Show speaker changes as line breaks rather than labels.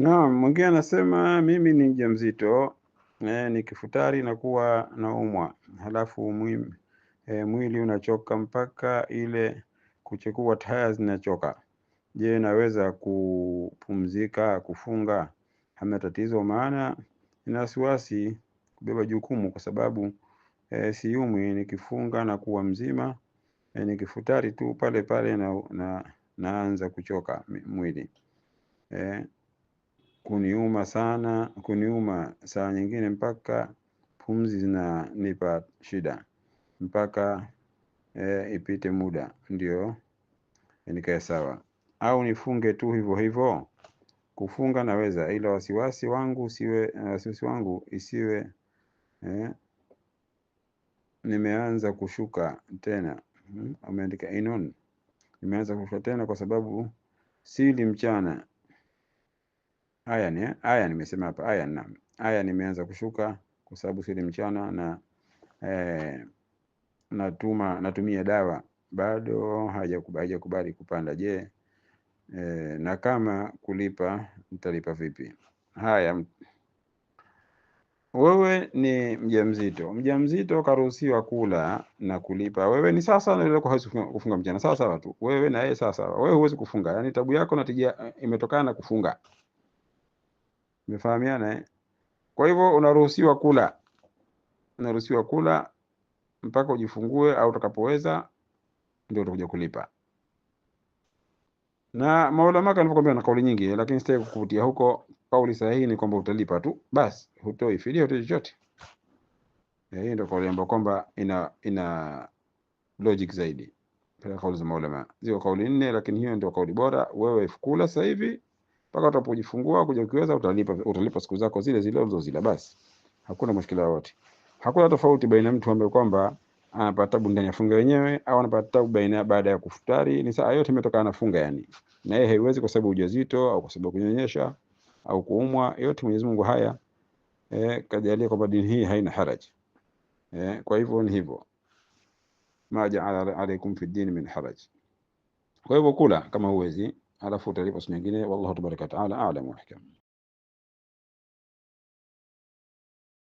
Naam, mwingine anasema mimi ni mjamzito e, eh, nikifutari nakuwa naumwa, halafu mwili, e, eh, mwili unachoka mpaka ile kuchekua taya zinachoka. Je, naweza kupumzika kufunga? Hamna tatizo, maana ina wasiwasi kubeba jukumu kwa sababu e, siumwi nikifunga na kuwa mzima e, nikifutari tu pale pale na, na, naanza kuchoka mwili e, kuniuma sana, kuniuma saa nyingine mpaka pumzi zinanipa shida mpaka e, ipite muda ndio nikae sawa, au nifunge tu hivyo hivyo. Kufunga naweza, ila wasiwasi wangu usiwe, wasiwasi wangu isiwe e, nimeanza kushuka tena hmm. Ameandika Inon, nimeanza kushuka tena kwa sababu sili mchana aya ni aya nimesema hapa aya na aya nimeanza kushuka kwa sababu sili mchana na eh, natuma natumia dawa bado hajakubali kupanda. Je, eh, na kama kulipa nitalipa vipi? Haya, wewe ni mjamzito, mjamzito karuhusiwa kula na kulipa. Wewe ni sasa na huwezi kufunga mchana, sawa sawa tu, wewe na yeye sawa sawa. Wewe huwezi kufunga, yani tabu yako natija imetokana na kufunga Umefahamiana eh? Kwa hivyo unaruhusiwa kula, unaruhusiwa kula mpaka ujifungue au utakapoweza ndio utakuja kulipa. Na maulama kama nilivyokuambia na kauli nyingi, lakini sitaki kukuvutia huko. Kauli sahihi ni kwamba utalipa tu basi, hutoi fidia, hutoi chochote. Eh, hii ndio kauli ambayo kwamba ina ina logic zaidi kauli za maulama. Ziko kauli nne, lakini hiyo ndio kauli bora. Wewe ifukula sasa hivi mpaka utapojifungua kuja, ukiweza utalipa, utalipa siku zako zile zile ulizozila, basi hakuna mshikila wote. Hakuna tofauti baina mtu ambaye kwamba anapata tabu ndani ya funga wenyewe au anapata tabu baina baada ya kufutari, ni saa yote imetokana na funga yani, na yeye haiwezi kwa sababu ujazito au kwa sababu kunyonyesha au kuumwa, yote Mwenyezi Mungu haya eh, kajalia kwamba dini hii haina haraji eh, kwa hivyo ni hivyo, ma jaala alaikum fi dini min haraji. Kwa hivyo kula kama huwezi على فوت ريب أسنان والله تبارك وتعالى أعلم وأحكم